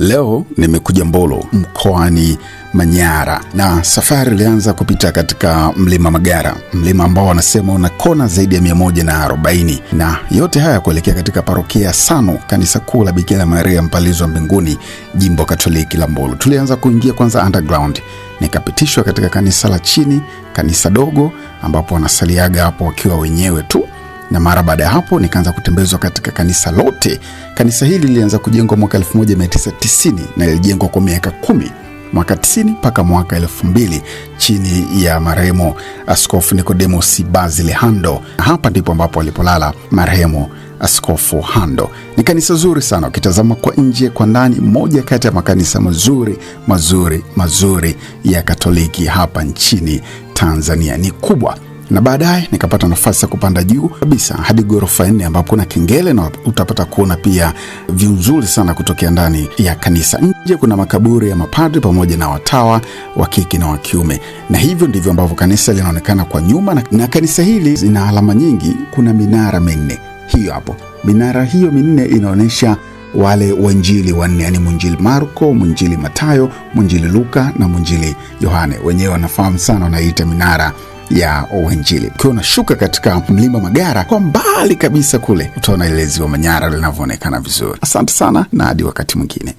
Leo nimekuja Mbolo mkoani Manyara na safari ilianza kupita katika mlima Magara, mlima ambao wanasema una kona zaidi ya 140 na, na yote haya kuelekea katika parokia ya Sano, kanisa kuu la Bikira Maria wa Mbinguni, jimbo Katoliki la Mbolo. Tulianza kuingia kwanza underground, nikapitishwa katika kanisa la chini, kanisa dogo ambapo wanasaliaga hapo wakiwa wenyewe tu na mara baada ya hapo nikaanza kutembezwa katika kanisa lote. Kanisa hili lilianza kujengwa mwaka 1990 na lilijengwa kwa miaka kumi mwaka 90 mpaka mwaka 2000 chini ya marehemu Askofu Nicodemus Bazile Hando, na hapa ndipo ambapo alipolala marehemu Askofu Hando. Ni kanisa zuri sana, ukitazama kwa nje, kwa ndani, moja kati ya makanisa mazuri mazuri mazuri ya Katoliki hapa nchini Tanzania. Ni kubwa na baadaye nikapata nafasi ya kupanda juu kabisa hadi ghorofa nne ambapo kuna kengele na utapata kuona pia vyu nzuri sana kutokea ndani ya kanisa. Nje kuna makaburi ya mapadri pamoja na watawa wa kike na wa kiume, na hivyo ndivyo ambavyo kanisa linaonekana kwa nyuma na, na kanisa hili zina alama nyingi. Kuna minara minne, hiyo hapo minara hiyo minne inaonyesha wale wanjili wanne, yani mwinjili Marko, mwinjili Matayo, mwinjili Luka na mwinjili Yohane. Wenyewe wanafahamu sana, wanaita minara ya uinjili. Ukiwa unashuka katika mlima Magara, kwa mbali kabisa kule utaona ile ziwa Manyara linavyoonekana vizuri. Asante sana na hadi wakati mwingine.